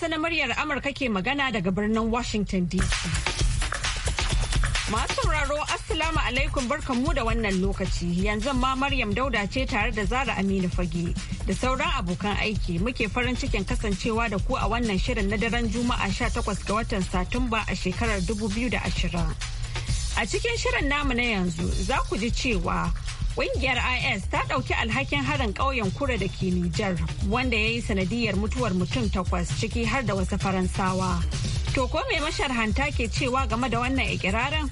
Hausa na muryar Amurka ke magana daga birnin Washington DC. Masu sauraro Assalamu alaikum barka mu da wannan lokaci yanzu ma Maryam Dauda ce tare da Zara Aminu Fage da sauran abokan aiki muke farin cikin kasancewa da ku a wannan shirin na daren Juma'a 18 ga watan Satumba a shekarar 2020. A cikin shirin namu na yanzu za ku ji cewa Ƙungiyar IS ta ɗauki alhakin harin ƙauyen kura da ke Nijar wanda ya yi sanadiyar mutuwar mutum takwas ciki har da wasu Faransawa. To ko mai masharhanta ke cewa game da wannan ikirarin?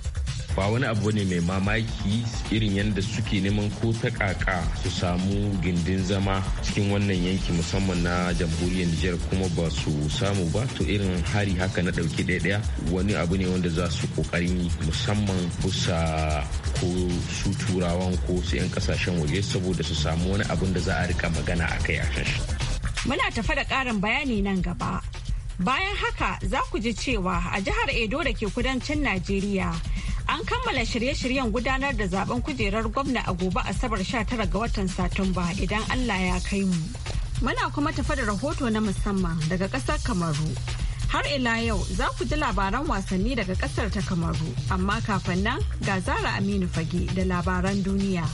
ba wani abu ne mai mamaki irin yadda suke neman ko ta kaka su samu gindin zama cikin wannan yanki musamman na jamhuriyar Nijar kuma ba su samu ba to irin hari haka na ɗauki ɗaya wani abu ne wanda za su ƙoƙarin musamman kusa ko su turawan ko su 'yan kasashen waje saboda su samu wani abun da za a rika magana a kai a Muna tafa da ƙarin bayani nan gaba. Bayan haka za ku ji cewa a jihar Edo da ke kudancin Najeriya An kammala shirye-shiryen gudanar da zaben kujerar gwamna a gobe Asabar 19 ga watan Satumba idan Allah ya kai mu. Muna kuma tafa da rahoto na musamman daga ƙasar Kamaru. Har ila yau za ku ji labaran wasanni daga ƙasar ta Kamaru, amma kafin nan ga Zara Aminu Fage da labaran duniya.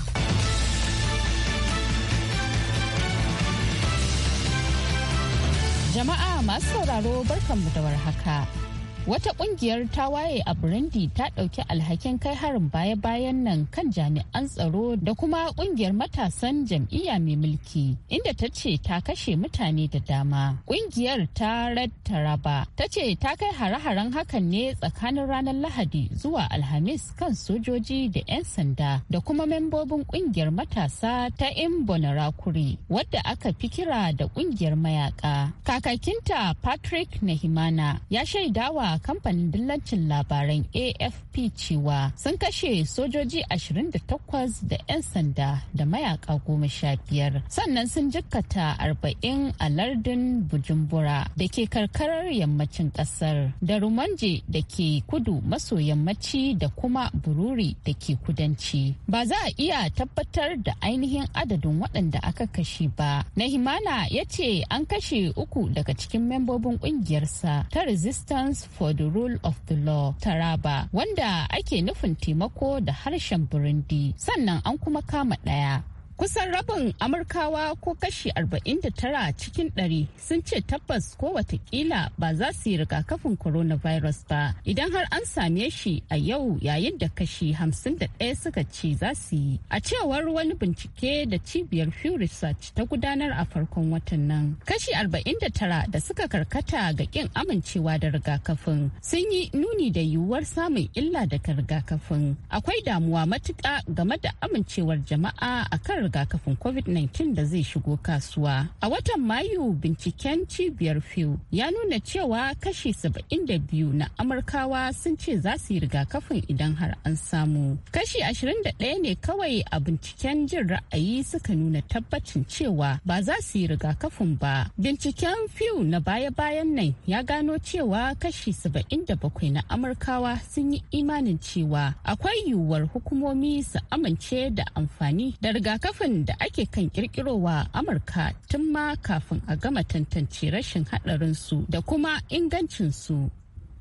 Jama'a masu sauraro barkanmu da warhaka. haka. wata kungiyar waye a burundi ta ɗauki alhakin kai harin baya-bayan nan kan jami'an tsaro da kuma kungiyar matasan jam'iyya mai mulki inda ta ce ta kashe mutane da dama kungiyar ta red taraba ta ce ta kai hare-haren hakan ne tsakanin ranar lahadi zuwa alhamis kan sojoji da 'yan sanda da kuma membobin kungiyar matasa ta imbonarakuri wadda aka fi kira da kungiyar mayaka kakakinta patrick nahimana ya shaidawa kamfanin dillancin labaran AFP cewa sun kashe sojoji 28 da 'yan sanda da mayaka goma sha biyar sannan sun jikkata 40 a lardin Bujumbura da ke karkarar yammacin kasar da Rumanje da ke kudu maso yammaci da kuma Bururi da ke kudanci. Ba za a iya tabbatar da ainihin adadin waɗanda aka kashe ba. Nahimana ya ce an kashe uku daga cikin membobin ƙungiyarsa ta Resistance for for the Rule of the Law Taraba wanda ake nufin taimako da harshen Burundi sannan an kuma kama ɗaya Kusan rabin Amurkawa ko kashi 49 cikin ɗari sun ce tabbas ko watakila ba za su yi rigakafin coronavirus ba idan har an same shi a yau yayin da kashi 51 suka ce za su yi. A cewar wani bincike da cibiyar Pew Research ta gudanar a farkon watan nan. Kashi 49 da suka karkata ga kin amincewa da rigakafin sun yi nuni da yiwuwar samun illa daga rigakafin. Akwai damuwa matuƙa game da amincewar jama'a akan rigakafin covid-19 da zai shigo kasuwa a watan mayu binciken cibiyar pew ya nuna cewa kashi 72 na amurkawa sun ce za su yi rigakafin idan har an samu kashi 21 ne kawai a binciken jin ra'ayi suka nuna tabbacin cewa ba za su yi rigakafin ba binciken pew na baya-bayan nan ya gano cewa kashi 77 na amurkawa sun yi imanin cewa akwai yiwuwar hukumomi su amince da amfani da rigakafin Littafin da ake kan kirkirowa Amurka tun ma kafin a gama tantance rashin haɗarinsu da kuma ingancinsu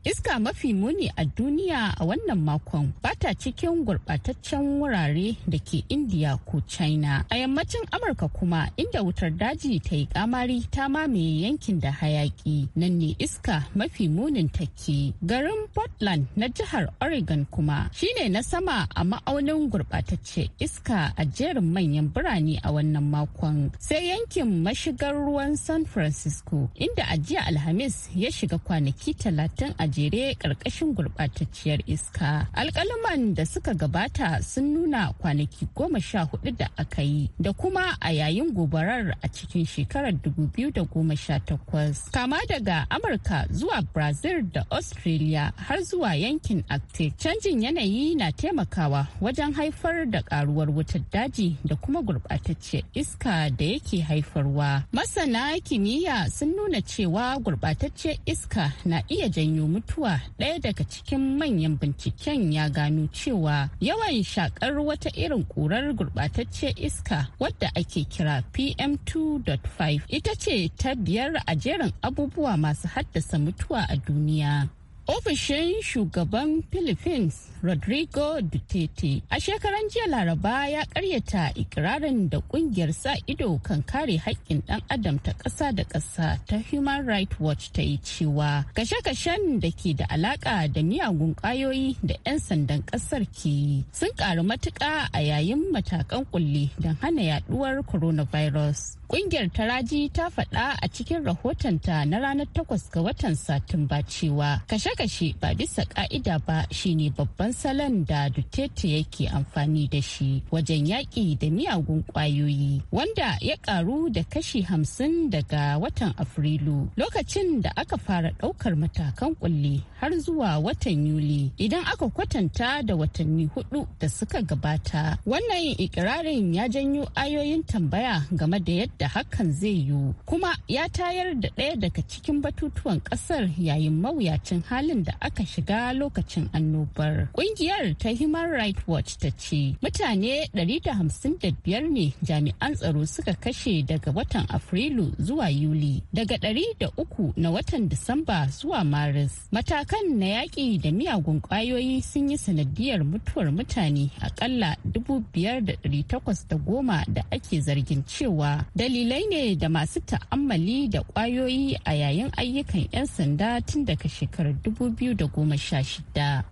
Iska mafi muni a duniya a wannan makon bata cikin gurɓataccen wurare da ke Indiya ko China. A yammacin Amurka kuma inda wutar daji ta yi kamari ta mamaye yankin da hayaki nan ne iska mafi munin take. Garin Portland na jihar Oregon kuma shine na sama a ma'aunin gurɓatacce iska a jerin manyan birane a wannan makon. Sai yankin mashigar ruwan San Francisco inda a jiya Alhamis ya shiga kwanaki talatin a jere ƙarƙashin gurɓatacciyar iska. Alƙaluman da suka gabata sun nuna kwanaki goma sha hudu da aka yi da kuma a yayin gobarar a cikin shekarar dubu biyu da goma sha takwas Kama daga Amurka zuwa Brazil da Australia har zuwa yankin Arctic. Canjin yanayi na taimakawa wajen haifar da ƙaruwar wutar daji da kuma gurɓatacciyar iska da yake haifarwa. Masana kimiyya sun nuna cewa gurɓatacciyar iska na iya janyo mutuwa ɗaya daga cikin manyan binciken ya gano cewa yawan shakar wata irin ƙurar gurɓatacciyar iska wadda ake kira pm2.5 ita ce ta biyar a jerin abubuwa masu haddasa mutuwa a duniya ofishin shugaban philippines rodrigo duterte a shekaran jiya laraba ya karyata ikirarin da kungiyar sa ido kan kare haƙƙin ɗan adam ta ƙasa da ƙasa ta human rights watch ta yi cewa kashe-kashen da ke da alaƙa da miyagun ƙwayoyi da 'yan sandan ƙasar ke yi sun ƙaru matuƙa a yayin matakan kulle don hana yaɗuwar coronavirus kungiyar taraji ta faɗa a cikin rahotonta na ranar 8 ga watan satumba cewa kashe kashe ba bisa ka'ida ba shine babban salon da Duterte yake amfani da shi wajen yaƙi da miyagun ƙwayoyi wanda ya ƙaru da kashi hamsin daga watan Afrilu lokacin da aka fara ɗaukar matakan ƙulli har zuwa watan Yuli idan aka kwatanta da watanni hudu da suka gabata. Wannan ikirarin ya janyo ayoyin tambaya game da yadda hakan zai yiwu kuma ya tayar da ɗaya daga cikin batutuwan ƙasar yayin mawuyacin hali halin da aka shiga lokacin annobar. Kungiyar ta Human Rights Watch ta ce mutane 155 ne jami'an tsaro suka kashe daga watan Afrilu zuwa Yuli, daga 300 na watan Disamba zuwa Maris. Matakan na yaƙi da miyagun ƙwayoyi sun yi sanadiyar mutuwar mutane akalla 5,810 da ake zargin cewa dalilai ne da masu ta'ammali da ƙwayoyi a yayin ayyukan 'yan sanda tun daga shekarar 2016.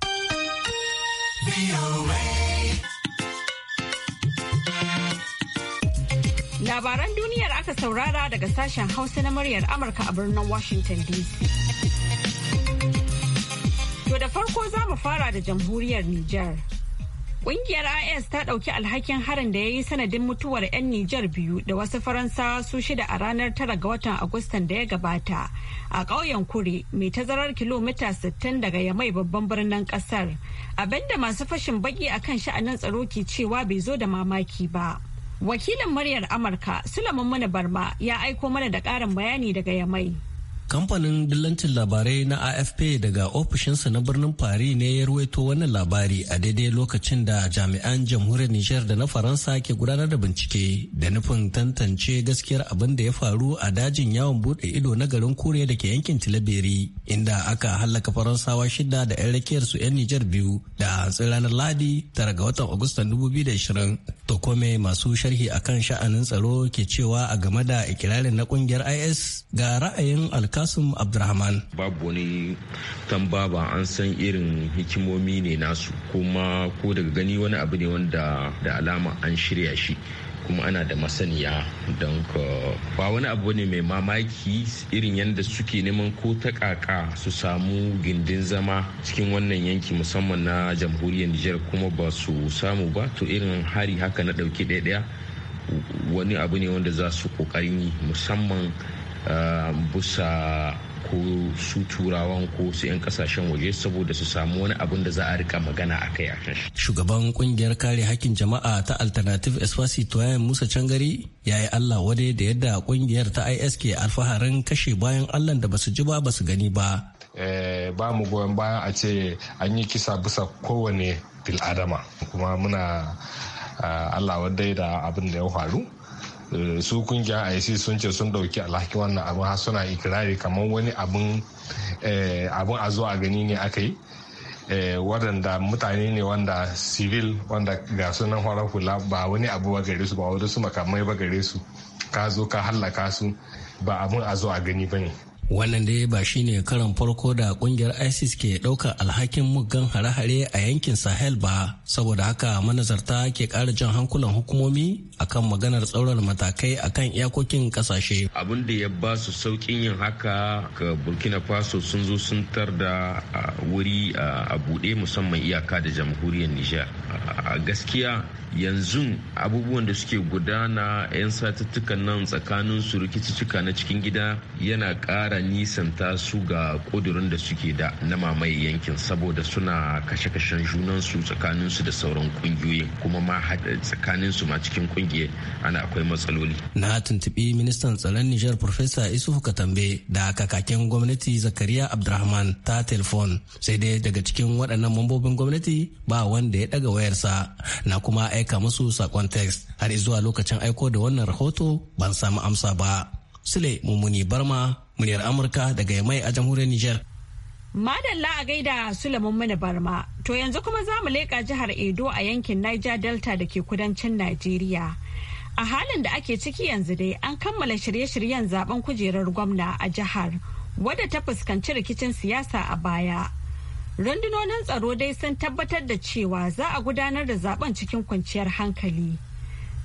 Labaran duniyar aka saurara daga sashen Hausa na muryar Amurka a birnin Washington DC. To da farko za mu fara da jamhuriyar Nijar. Ƙungiyar IS ta ɗauki alhakin harin da ya yi sanadin mutuwar 'yan Nijar biyu da wasu Faransawa su shida a ranar tara ga watan Agustan da ya gabata a ƙauyen Kure mai tazarar kilomita 60 daga Yamai babban birnin ƙasar. Abinda masu fashin baki kan sha'anin tsaro ke cewa bai zo da mamaki ba. Wakilin muryar Amurka Sulaiman Mana Barma ya aiko mana da ƙarin bayani daga Yamai. Kamfanin dillancin labarai na AFP daga ofishinsa na birnin Paris ne ya ruwaito wannan labari a daidai lokacin da jami'an jamhuriyar niger da na Faransa ke gudanar da bincike da nufin tantance gaskiyar abin da ya faru a dajin yawon bude ido na garin Koriya da ke yankin Tilaberi inda aka hallaka Faransawa shida da 'yan rakiyar su 'yan Nijar biyu da hantsin ranar Ladi tara ga watan Agustan 2020. kome masu sharhi akan sha'anin tsaro ke cewa a game da ikirarin na kungiyar IS ga ra'ayin alka kasim abdurrahman babu wani tambaba an san irin hikimomi ne nasu kuma ko daga gani wani abu ne wanda da alama an shirya shi kuma ana da masaniya don ba wani abu ne mai mamaki irin yadda suke neman ko ta kaka su samu gindin zama cikin wannan yanki musamman na jamhuriyar nijar kuma ba su samu ba to irin hari haka na ɗauki ɗaya wani abu ne wanda za su ƙoƙarin yi musamman Um, bisa ko su turawan ko su 'yan kasashen waje saboda su samu wani abin da za a rika magana a kai a kan shugaban kungiyar kare hakkin jama'a ta alternative espasi tuwayen musa cangari ya yi allah wadai da yadda kungiyar ta is ke alfaharin kashe bayan allah da basu ji ba basu gani ba eh, ba mu goyon bayan a ce an yi kisa bisa kowane bil'adama kuma muna ah, allah wadai da abin da ya faru su kungiyar ic sun ce sun dauki alhaki wannan abin har suna ikirari kamar wani abin eh, a zo a gani ne aka yi eh, wadanda mutane ne wanda civil wanda ga sunan horar hula ba wani abu ba gare su ba wani su makamai ba gare su ka zo ka hallaka su ba abin a zo a gani ba ne wannan dai ba shine karan farko da kungiyar isis ke ɗaukar alhakin muggan hare-hare a yankin sahel ba saboda haka manazarta ke kara jan hankulan hukumomi akan maganar tsaurar matakai akan iyakokin kasashe. abin da ya ba su saukin yin haka ga burkina faso sun zo sun tar da wuri a bude musamman iyaka da jamhuriyar nijar a gaskiya yanzu abubuwan da suke gudana 'yan satuttukan nan tsakanin su rikicicika na cikin gida yana kara. nisanta su ga ƙudurin da suke da na mamaye yankin saboda suna kashe-kashen junansu tsakaninsu da sauran kungiyoyin kuma ma tsakaninsu ma cikin ƙungiyar ana akwai matsaloli. Na tuntubi ministan tsaron Nijar Profesa Isufu Katambe da kakakin gwamnati Zakariya Abdurrahman ta telefon sai dai daga cikin waɗannan mambobin gwamnati ba wanda ya ɗaga wayarsa na kuma aika musu saƙon text har zuwa lokacin aiko da wannan rahoto ban samu amsa ba. Sule Mummuni Barma muryar Amurka daga Yamai a jamhuriyar Nijar. Madalla a gaida Sulaiman Mana Barma, to yanzu kuma za mu leƙa jihar Edo a yankin Niger Delta da ke kudancin Najeriya. A halin da ake ciki yanzu dai an kammala shirye-shiryen zaben kujerar gwamna a jihar wadda ta fuskanci rikicin siyasa a baya. Rundunonin tsaro dai sun tabbatar da cewa za a gudanar da zaben cikin kwanciyar hankali.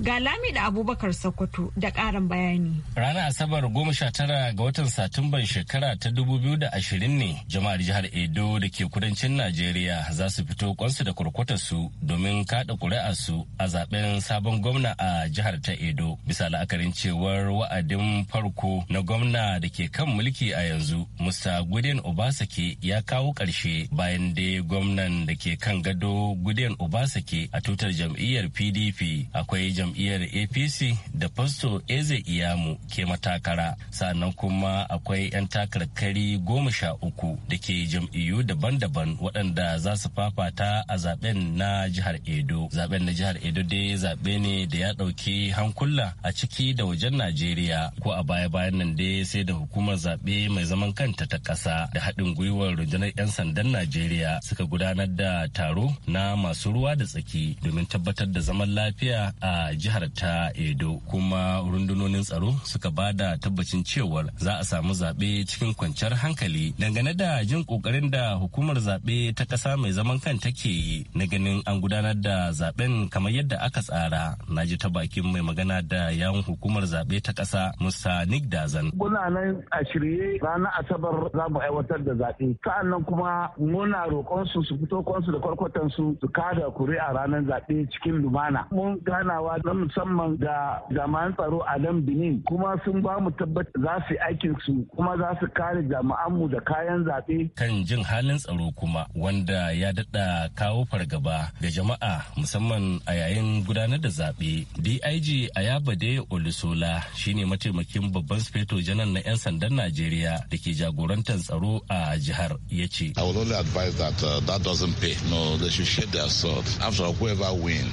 Ga lami da Abubakar Sokoto da ƙarin bayani. Ranar Asabar goma sha tara ga watan Satumban shekara ta dubu biyu da ashirin ne jama'ar jihar Edo da ke kudancin Najeriya za su fito kwansu da su domin kaɗa su a zaben sabon gwamna a jihar ta Edo. Bisa la'akarin cewar wa'adin farko na gwamna da ke kan mulki a yanzu Musa gudin Obasake ya kawo ƙarshe bayan dai gwamnan da ke kan gado Gudin Obasake a tutar jam'iyyar PDP akwai jam'iyyar apc da fasto eze iyamu ke matakara sannan kuma akwai 'yan takarkari goma sha uku da ke jam'iyyu daban-daban waɗanda za su fafata a zaben na jihar edo zaben na jihar edo dai zaɓe ne da ya ɗauki hankula a ciki da wajen najeriya ko a baya-bayan nan dai sai da hukumar zaɓe mai zaman kanta ta ƙasa da haɗin gwiwar rundunar 'yan sandan najeriya suka gudanar da taro na masu ruwa da tsaki domin tabbatar da zaman lafiya a jihar ta Edo kuma rundunonin tsaro suka ba da tabbacin cewar za a samu zaɓe cikin kwanciyar hankali dangane da jin ƙoƙarin da hukumar zaɓe ta ƙasa mai zaman kan take yi na ganin an gudanar da zaɓen kamar yadda aka tsara na ji ta bakin mai magana da yawun hukumar zaɓe ta ƙasa Musa Nick Dazan. Muna nan a shirye ranar Asabar za mu aiwatar da zaɓe sa'annan kuma muna roƙon su su fito kwansu da kwarkwatan su su kada kuri'a ranar zaɓe cikin lumana. Mun ganawa na musamman ga jami'an tsaro a nan Benin kuma sun ba mu tabbata za su yi aikin su kuma za su kare mu da kayan zaɓe. Kan jin halin tsaro kuma wanda ya daɗa kawo fargaba ga jama'a musamman a yayin gudanar da zaɓe. DIG Ayabade Olusola shine mataimakin babban sufeto janar na 'yan sandan Najeriya da ke jagorantar tsaro a jihar ya ce.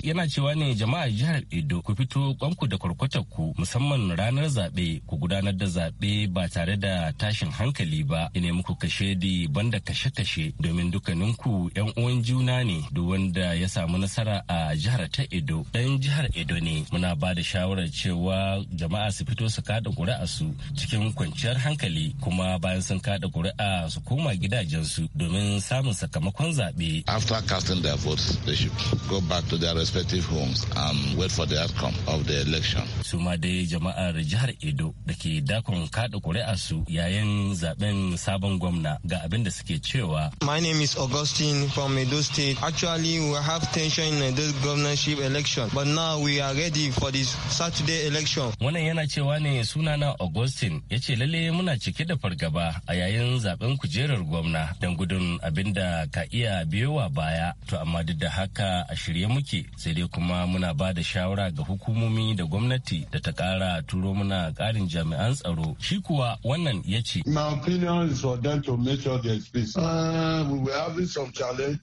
Yana cewa ne jama'a jihar ido ku fito kwanku da kwarkwatar ku musamman ranar zaɓe ku gudanar da zaɓe ba tare da tashin hankali ba ina muku kashe di banda kashe-kashe domin dukkaninku yan uwan juna ne duk wanda ya samu nasara a jihar ta Edo ɗan jihar Edo ne muna ba da shawarar cewa jama'a su fito su kada ƙuri'a su cikin kwanciyar hankali kuma bayan sun kada ƙuri'a su koma gidajensu domin samun sakamakon zaɓe. After casting their votes, they should go back to their respective homes and wait for the outcome of the election. Su ma dai jama'ar jihar Edo da ke dakon kada kuri'a su yayin zaben sabon gwamna ga abin da suke cewa. My name is Augustine from Edo State. Actually, we have tension in this governorship election, but now we are ready for this Saturday election. Wannan yana cewa ne sunana Augustine ya ce lalle muna cike da fargaba a yayin zaben kujerar gwamna don gudun abin da ka iya biyowa baya. To amma duk da haka a shirye muke sai dai kuma muna ba da shawara kira ga hukumomi da gwamnati da ta kara turo muna karin jami'an tsaro shi kuwa wannan ya ce uh,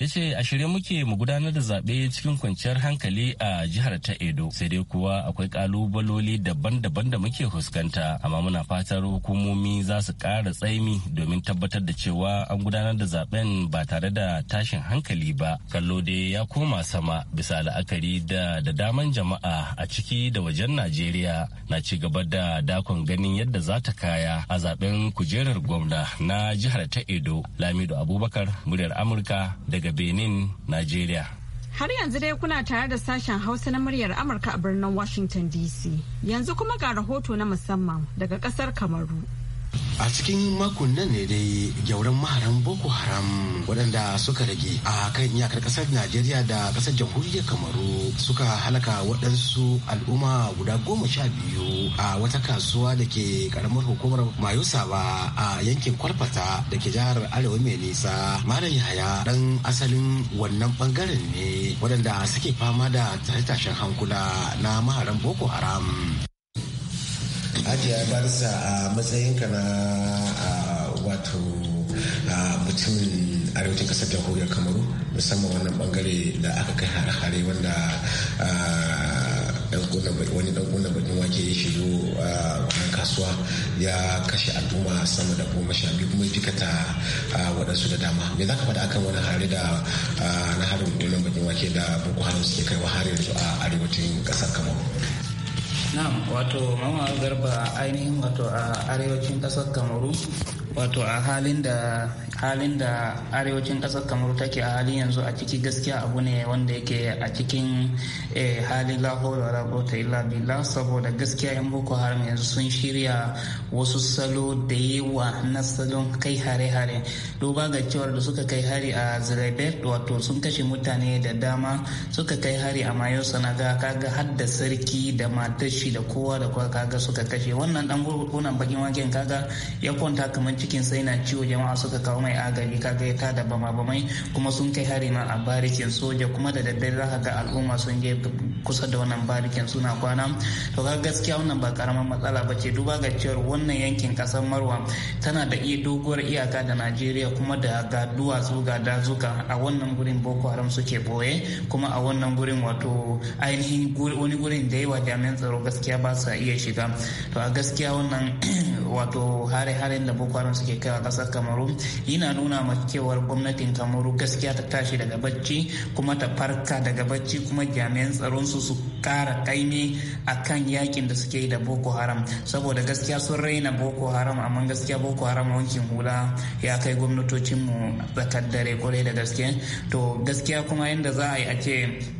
ya ce a shirye muke mu gudanar da zaɓe cikin kwanciyar hankali a jihar ta edo sai dai kuwa akwai kalubaloli daban-daban da muke fuskanta amma muna fatar hukumomi za su ƙara tsaimi domin tabbatar da cewa an gudanar da zaben ba tare da tashin hankali ba kallo dai ya koma sama bisa la'akari da da daman jama'a jama'a a ciki da wajen najeriya na ci gaba da dakon ganin yadda za ta kaya a zaben kujerar gwamna na jihar ta edo lamido abubakar muryar amurka daga benin najeriya har yanzu dai kuna tare da sashen hausa na muryar amurka a birnin washington dc yanzu kuma ga rahoto na musamman daga kasar kamaru a cikin makon nan ne dai gyauran maharan boko haram waɗanda suka rage a kan iyakar ƙasar najeriya da ƙasar jamhuriyar kamaru suka halaka waɗansu al'umma guda goma sha biyu a wata kasuwa da ke ƙaramar hukumar mayusa ba a yankin kwalfata da ke jihar arewa mai nisa malam yahaya ɗan asalin wannan ɓangaren ne waɗanda suke fama da tashe-tashen hankula na maharan boko haram hajiya barsa a matsayinka na wato mutumin arewacin kasar jamhuriyar kamaru musamman wannan bangare da aka kai hare-hare wanda wani dan kunna bakin wake ya shigo a kasuwa ya kashe al'umma sama da goma sha biyu kuma jikata waɗansu da dama me za ka faɗa akan wani hare da na harin kunnan bakin wake da boko haram suke wa har su a arewacin ƙasar kamaru na'am wato mama garba ainihin wato a arewacin kasar kamaru wato a halin da halin da arewacin ƙasar kamaru take a halin yanzu a ciki gaskiya abu ne wanda yake a cikin eh, halin lahola rabota illa saboda gaskiya yan boko haram yanzu sun shirya wasu salo da yawa na salon kai hare-hare duba ga cewar da suka kai hari a zirebet wato sun kashe mutane da dama suka kai hari a mayo sanaga kaga har da sarki da matar shi da kowa da kowa kaga suka kashe wannan dan gurgunan bakin waken kaga ya kwanta kamar cikin sai na ciwo jama'a suka kawo mai agaji kaga ya tada bama bamai kuma sun kai hari ma a barikin soja kuma da daddare za ga al'umma sun je kusa da wannan barikin suna kwana to ga gaskiya wannan ba karamar matsala ba ce duba ga cewar wannan yankin kasar marwa tana da iya doguwar iyaka da najeriya kuma da ga duwatsu ga dazuka a wannan gurin boko haram suke boye kuma a wannan gurin wato ainihin wani gurin da yawa jami'an tsaro gaskiya ba sa iya shiga to a gaskiya wannan wato hare-haren da boko haram yaron suke kai a kasar kamaru yana nuna ma cewar gwamnatin kamaru gaskiya ta tashi daga bacci kuma ta farka daga bacci kuma jami'an tsaron su su kara a kan yakin da suke yi da boko haram saboda gaskiya sun raina boko haram amma gaskiya boko haram wankin hula ya kai gwamnatocinmu tsakar dare kwarai da gaske to gaskiya kuma yadda za a yi a ce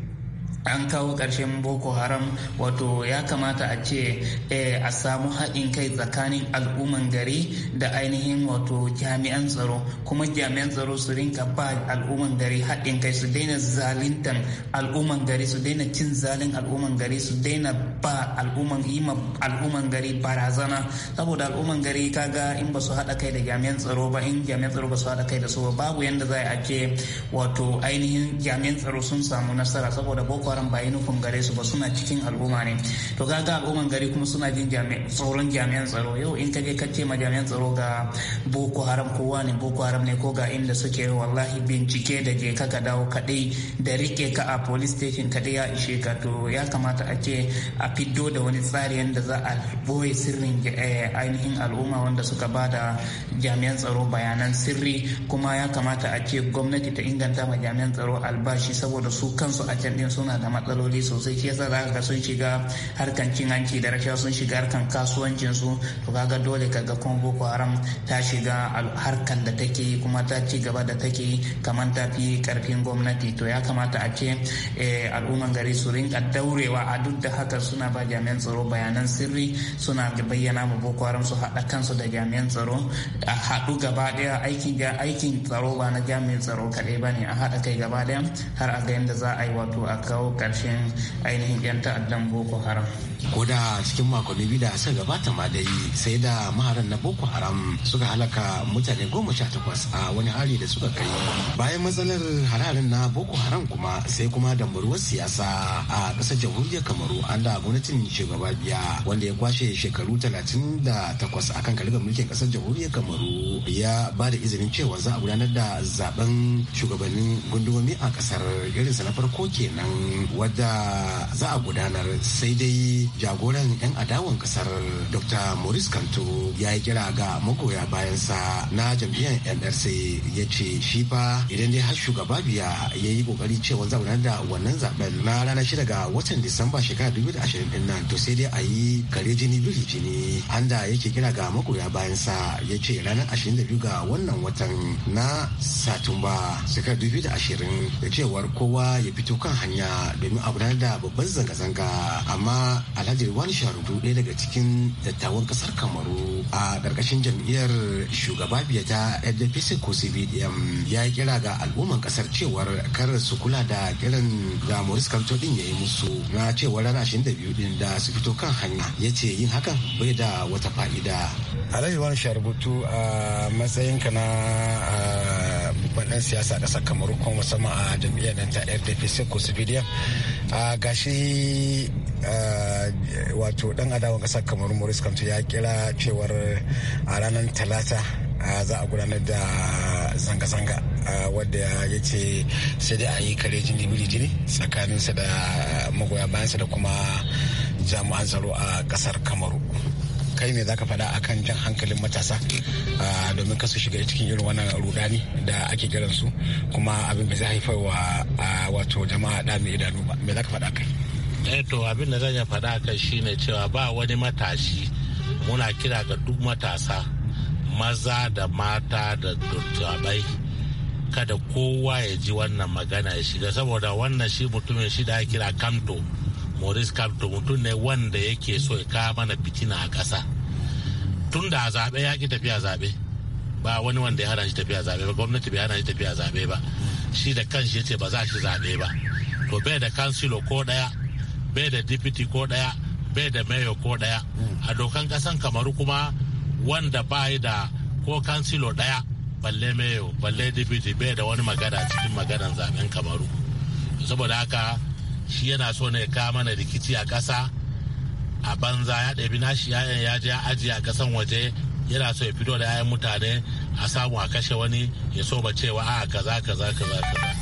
an kawo ƙarshen boko haram wato ya kamata a ce eh, a samu haɗin kai tsakanin al'umman gari da ainihin wato jami'an tsaro kuma jami'an tsaro su rinka ba al'umman gari haɗin kai su daina zalintan al'umman gari su daina cin zalin al'umman gari su daina ba al'umman yi ma al'umman gari barazana saboda al'umman gari kaga in ba su haɗa kai da jami'an tsaro ba in jami'an tsaro ba su haɗa kai da su ba babu yanda za a ce wato ainihin jami'an tsaro sun samu nasara saboda boko kwaran ba nufin gare su ba suna cikin al'umma ne to ga al'umman gari kuma suna jin tsoron jami'an tsaro yau in ka je ka ce ma jami'an tsaro ga boko haram kowa ne boko haram ne ko ga inda suke wallahi bincike da je ka dawo kadai da rike ka a police station kadai ya ishe ka to ya kamata a ce a fiddo da wani tsari yadda za a boye sirrin eh, ainihin al'umma wanda suka ba da jami'an tsaro bayanan sirri kuma ya kamata a ce gwamnati ta inganta ma jami'an tsaro albashi saboda su kansu a can din suna da matsaloli sosai shi yasa zaka ga sun shiga harkan cin hanci da rashawa sun shiga harkan kasuwancin su to kaga dole kaga kuma boko haram ta shiga harkan da take kuma ta ci gaba da take kamar ta fi karfin gwamnati to ya kamata a ce eh, al'umman gari su rinka daurewa a duk da haka suna ba jami'an tsaro bayanan sirri suna bayyana ma boko haram su haɗa kansu da jami'an tsaro a haɗu gaba ɗaya aikin aikin tsaro ba na jami'an tsaro kaɗai ba ne a haɗa kai gaba ɗaya har a ga yadda za a yi wato a kawo karshen ainihin 'yan ta'addan boko haram ko da cikin makonni biyu da suka gabata ma dai sai da maharan na boko haram suka halaka mutane goma sha takwas a wani hari da suka kai bayan matsalar hararin na boko haram kuma sai kuma da dambaruwar siyasa a ƙasar jamhuriyar kamaru an da gwamnatin shugaba biya wanda ya kwashe shekaru talatin da takwas a kan kalibar mulkin ƙasar jamhuriyar kamaru ya ba da izinin cewa za a gudanar da zaben shugabannin gundumomi a ƙasar irinsa na farko kenan wadda za a gudanar sai dai jagoran 'yan adawan kasar dr maurice kanto ya yi kira ga magoya bayansa na jam'iyyar nrc ya ce shi fa idan dai har shugaba biya ya yi kokari cewa zaunar da wannan zaben na rana shida ga watan disamba shekara 2020 din nan to sai dai a yi kare jini biri jini anda yake kira ga magoya bayansa ya ce ranar 22 ga wannan watan na satumba shekara 2020 da cewar kowa ya fito kan hanya domin abu da babban zanga-zanga amma alhaji wani sharudu ɗaya daga cikin dattawan ƙasar kamaru a ƙarƙashin jam'iyyar shugaba biya ta fdpc ko cbdm ya yi kira ga al'umman ƙasar cewar kar su kula da kiran da maurice kamto ɗin ya yi musu na cewar rana ashirin da biyu ɗin da su fito kan hanya ya ce yin hakan bai da wata fa'ida alhaji wani Sharudu a matsayinka na babban dan siyasa ƙasar kamaru kuma musamman a jam'iyyar nan ta rdpc ko a gashi wato ɗan adawan ƙasar kamaru maurice kamto ya kira cewar a ranar talata za a gudanar da zanga-zanga wadda ya ce sai dai a yi kare jini biri jini tsakaninsa da magoya bayansa da kuma jami'an tsaro a ƙasar kamaru kai ne zaka faɗa akan jan hankalin matasa domin kasu shiga cikin irin wannan rudani da ake garin su kuma abin bai zai haifar wa wato jama'a da mai idanu ba me zaka faɗa kai eh to abin da zan ya faɗa kai shine cewa ba wani matashi muna kira ga duk matasa maza da mata da dattabai kada kowa ya ji wannan magana ya shiga saboda wannan shi mutumin shi da kira kanto. maurice capto mutum ne wanda yake so ya kawo mana fitina a kasa tun da zaɓe ya ki tafiya zaɓe ba wani wanda ya hana shi tafiya zaɓe ba gwamnati bai hana shi tafiya zaɓe ba shi da kan ya ce ba za shi zaɓe ba to bai da kansilo ko ɗaya bai da deputy ko ɗaya bai da mayo ko ɗaya a dokan ƙasan kamaru kuma wanda ba da ko kansilo ɗaya balle mayo balle deputy bai da wani magana cikin maganan zaɓen kamaru saboda haka shi yana so ne ka mana rikici a ƙasa a banza ya ɗabi nashi yayan ya je ajiye a ƙasan waje yana so ya fito da yayan mutane a samu a kashe wani ya so ba cewa a kaza kaza kaza kaza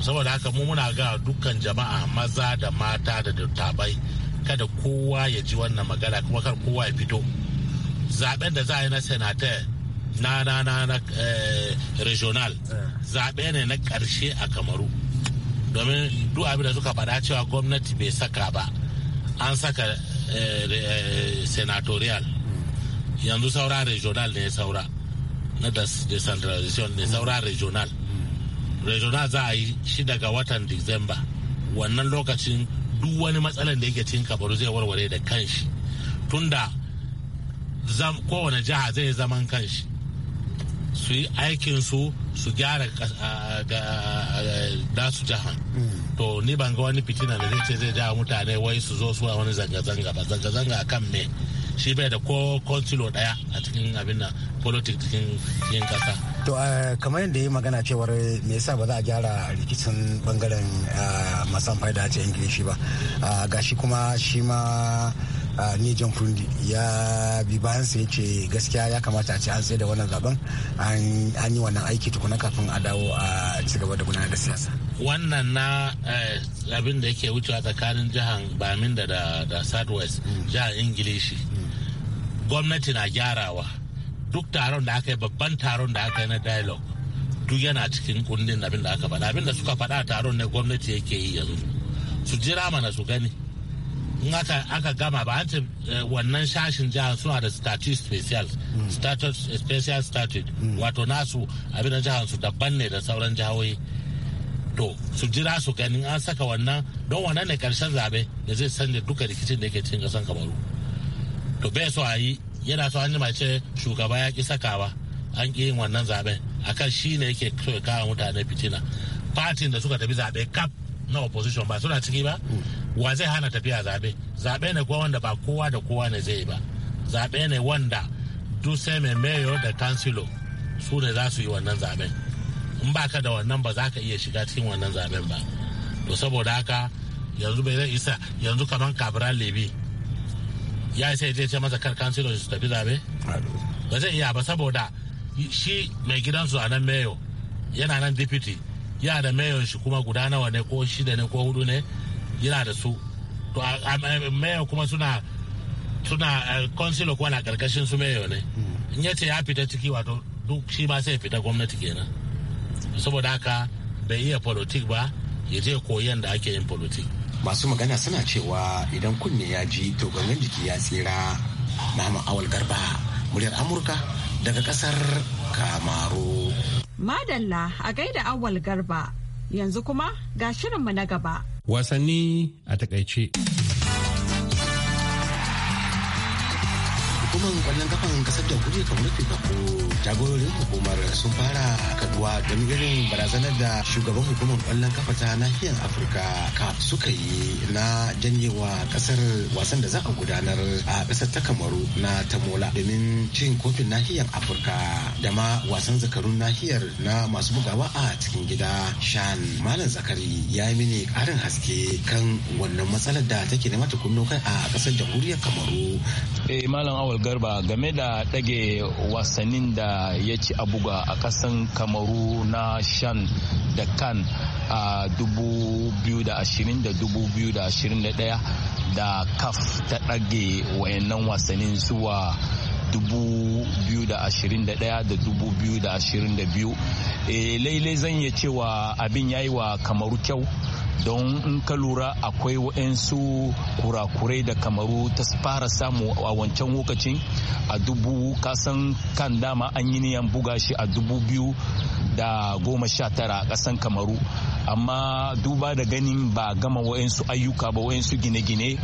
saboda haka mu muna ga dukkan jama'a maza da mata da dattabai kada kowa ya ji wannan magana kuma kar kowa ya fito zaben da za a yi na senator na na na eh, regional eh. zaɓe ne na ƙarshe a kamaru domin duk abin da suka faɗa cewa gwamnati bai saka ba an saka eh, eh, senatorial yanzu saura regional ne saura na decentralization ne saura regional regional za a yi shi daga watan december wannan lokacin duk wani matsalar da yake cikin kabaru zai warware da kanshi tunda kowane jiha zai zaman kanshi su yi su su gyara nasu jihar to ni ban ga wani fitina da zai ce zai jawo mutane wai su zo suna wani zanga-zanga ba zanga-zanga akan me shi bai da ko kontilo daya a cikin abin na politik cikin yin kasa to eh, kamar yadda yi magana cewar me yasa ba za a gyara rikicin bangaren masan faida ce ingilishi ba ah, gashi kuma shi ma ne jan kundi ya bi bayan sai ce gaskiya ya kamata a ce an sai da wannan zaben an yi wannan aiki tukuna kafin a dawo a ci gaba da gudanar da siyasa wannan na eh, abin da yake wucewa tsakanin jihar bamin da da southwest hmm. jihar ingilishi hmm. gwamnati na gyarawa duk taron da aka yi babban taron da aka yi na dialogue duk yana cikin kundin abin da aka faɗa abin da suka faɗa taron ne gwamnati yake yi yanzu su jira mana su gani in aka gama ba an ce eh, wannan sashin jihar suna da statute hmm. eh, special statute special hmm. statute wato nasu abin da jihar su daban ne da sauran jihohi to su jira su ganin an saka wannan don wannan ne karshen zabe da zai sanya duka rikicin da ke cikin kasan kamaru to bai so a yi yana so an ji ce shugaba ya ki sakawa an ki yin wannan zaben akan shi ne yake kawo mutane fitina fatin da suka tafi zabe kap. na opposition ba suna ciki ba wa zai hana tafiya zaɓe zaɓe ne kuwa wanda ba kowa da kowa ne zai ba zaɓe ne wanda duk sai mai mayor da kansilo su ne za su yi wannan zaɓen in ba ka da wannan ba za ka iya shiga cikin wannan zaɓen ba to saboda haka yanzu bai zai isa yanzu kamar kabra lebi ya ce masa kar kansilo su tafi zaɓe ba zai iya ba saboda shi mai gidansu a nan mayo yana nan deputy yana da mayon shi kuma guda nawa ne ko shida ne ko hudu ne yana da su to mayo kuma suna suna eh, consular kuma na karkashin su mayo ne hmm. in ya ce ya fita ciki wato duk shi ma sai fita gwamnati kenan saboda haka bai iya politik ba ya je koyan da ake yin politik masu magana suna cewa idan kunne ya ji to gangan jiki ya tsira nama awal garba muryar amurka daga kasar kamaru Madalla a gaida awal garba yanzu kuma ga shirinmu na gaba. Wasanni a takaice. hukumar kwallon kafan kasar jamhuriyar kamar ko jagororin hukumar sun fara kaduwa don irin barazanar da shugaban hukumar kwallon kafa ta nahiyar afirka ka suka yi na janyewa kasar wasan da za a gudanar a kasar ta kamaru na tamola domin cin kofin nahiyar afirka da ma wasan zakarun nahiyar na masu bugawa a cikin gida shan malam zakari ya yi mini karin haske kan wannan matsalar da take da mata kunno kai a kasar jamhuriyar kamaru eh, malam awal garba game da ɗage wasannin da ya ci a buga a ƙasan kamaru na shan da kan a 2020 da 2021 da kaf ta ɗage wayannan wasannin zuwa 2021 da 2022 eh, lailai zan iya cewa abin yayi wa kamaru kyau don in ka lura akwai waɗansu kurakurai da kamaru ta fara samu a wancan lokacin a dubu kasan kan dama an yi niyan buga shi a dubu biyu da goma sha tara a kasan kamaru amma duba da ganin ba gama waɗansu ayyuka ba waɗansu gine-gine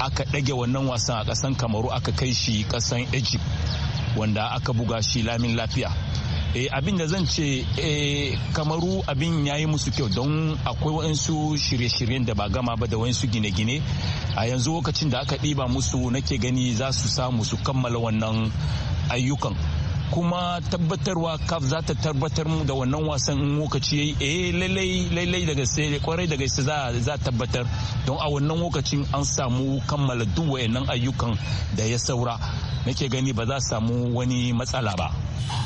aka ɗage wannan wasan a kasan kamaru aka kai shi kasan egypt wanda aka buga shi lamin lafiya Eh, abin da zan ce eh, kamaru abin ya yi musu kyau don akwai waɗansu shirye-shiryen da ba gama ba da waɗansu gine-gine a yanzu lokacin da aka ɗiba musu nake gani za su samu su kammala wannan ayyukan kuma tabbatarwa kaf za ta tabbatar mu da wannan wasan in lokaci yayi eh lallai lallai daga sai kwarai daga sai za za tabbatar don a wannan lokacin an samu kammala duk wayannan ayyukan da ya saura nake gani ba za samu wani matsala ba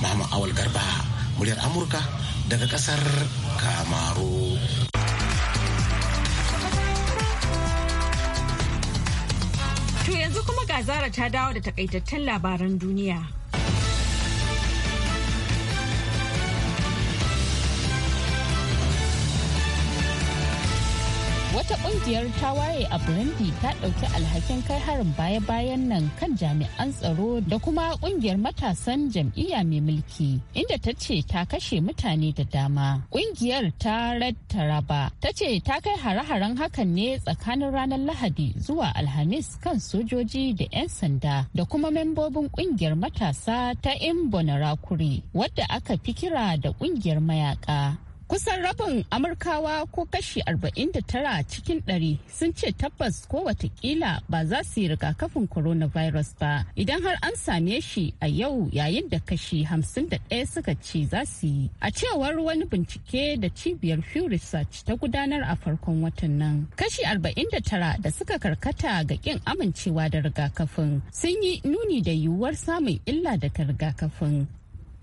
mama Awal Garba muryar Amurka daga kasar Kamaru To yanzu kuma ga zara ta dawo da takaitattun labaran duniya. wata kungiyar waye a burundi ta dauki alhakin kai harin baya-bayan nan kan jami'an tsaro da kuma kungiyar matasan jam'iyya mai mulki inda ta ce ta kashe mutane da dama kungiyar ta red taraba ta ce ta kai hare-haren hakan ne tsakanin ranar lahadi zuwa alhamis kan sojoji da 'yan sanda da kuma membobin kungiyar matasa ta imbonarakuri wadda aka fi kira da kungiyar mayaka Kusan rabin Amurkawa ko kashi 49 cikin ɗari sun ce tabbas ko watakila ba za su yi rigakafin coronavirus ba idan har an same shi a yau yayin da kashi 51 suka ce za su yi. A cewar wani bincike da cibiyar Pew Research ta gudanar a farkon watan nan. Kashi 49 da suka karkata ga kin amincewa da rigakafin sun yi nuni da yiwuwar samun illa daga rigakafin.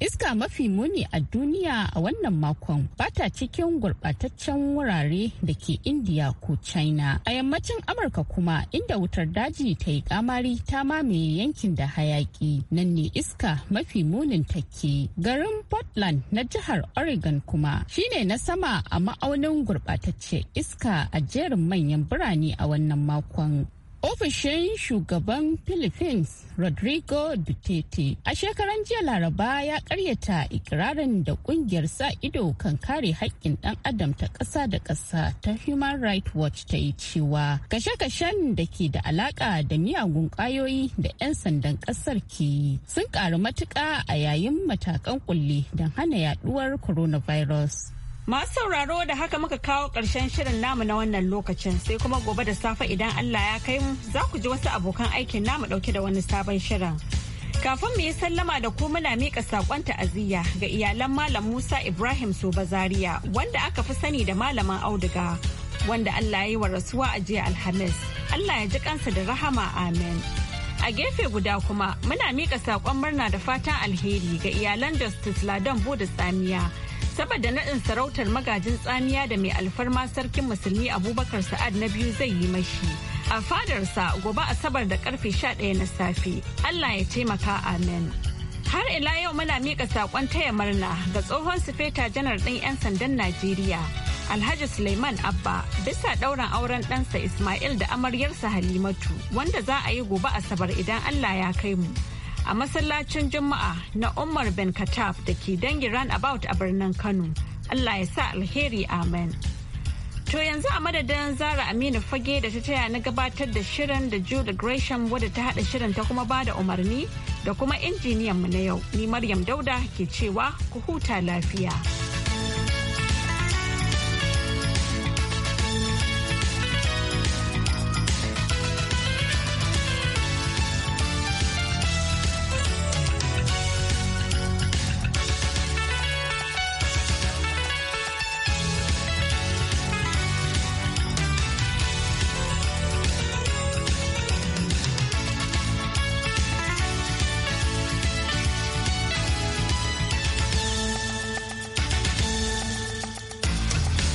Iska mafi muni a duniya a wannan makon bata cikin gurɓataccen wurare da ke Indiya ko China. A yammacin Amurka kuma inda wutar daji ta yi kamari ta mamaye yankin da hayaki nan ne iska mafi munin take. Garin Portland na jihar Oregon kuma shine na sama a ma'aunin gurɓatacce iska a jerin manyan birane a wannan makon. ofishin shugaban philippines rodrigo duterte a shekaran jiya laraba ya karyata ikirarin da kungiyar sa ido kan kare haƙƙin ɗan adam ta ƙasa da ƙasa ta human rights watch ta yi cewa kashe-kashen da ke da alaƙa da miyagun ƙwayoyi da 'yan sandan ƙasar ke yi sun ƙaru matuƙa a yayin matakan kulle don hana yaduwar coronavirus Masu sauraro da haka muka kawo ƙarshen shirin namu na wannan lokacin sai kuma gobe da safe idan Allah ya kai mu za ku ji wasu abokan aikin namu ɗauke da wani sabon shirin. Kafin mu yi sallama da ku muna miƙa saƙon ta'aziyya ga iyalan Malam Musa Ibrahim zaria wanda aka fi sani da Malamin Auduga wanda Allah ya yi wa rasuwa a jiya Alhamis. Allah ya ji kansa da rahama Amen. A gefe guda kuma muna miƙa saƙon murna da fatan alheri ga iyalan Justice Ladan Bude Samiya. saboda naɗin sarautar magajin tsamiya da mai alfarma sarkin musulmi abubakar sa'ad na biyu zai yi mashi a fadarsa gobe asabar da karfe 11 na safe allah ya taimaka amen har ila yau muna miƙa saƙon taya murna ga tsohon sufeta janar ɗin 'yan sandan najeriya Alhaji Suleiman Abba bisa ɗaurin auren ɗansa Ismail da amaryarsa Halimatu wanda za a yi gobe Asabar idan Allah ya kai mu. a masallacin Juma'a na Umar Ben Khattab da ke dangin about a birnin Kano. Allah ya sa alheri amen. To yanzu a madadin Zara Aminu Fage da ta taya na gabatar da shirin da da Gresham wadda ta haɗa shirin ta kuma bada umarni da kuma injiniyan mu na yau. Ni Maryam Dauda ke cewa ku huta lafiya.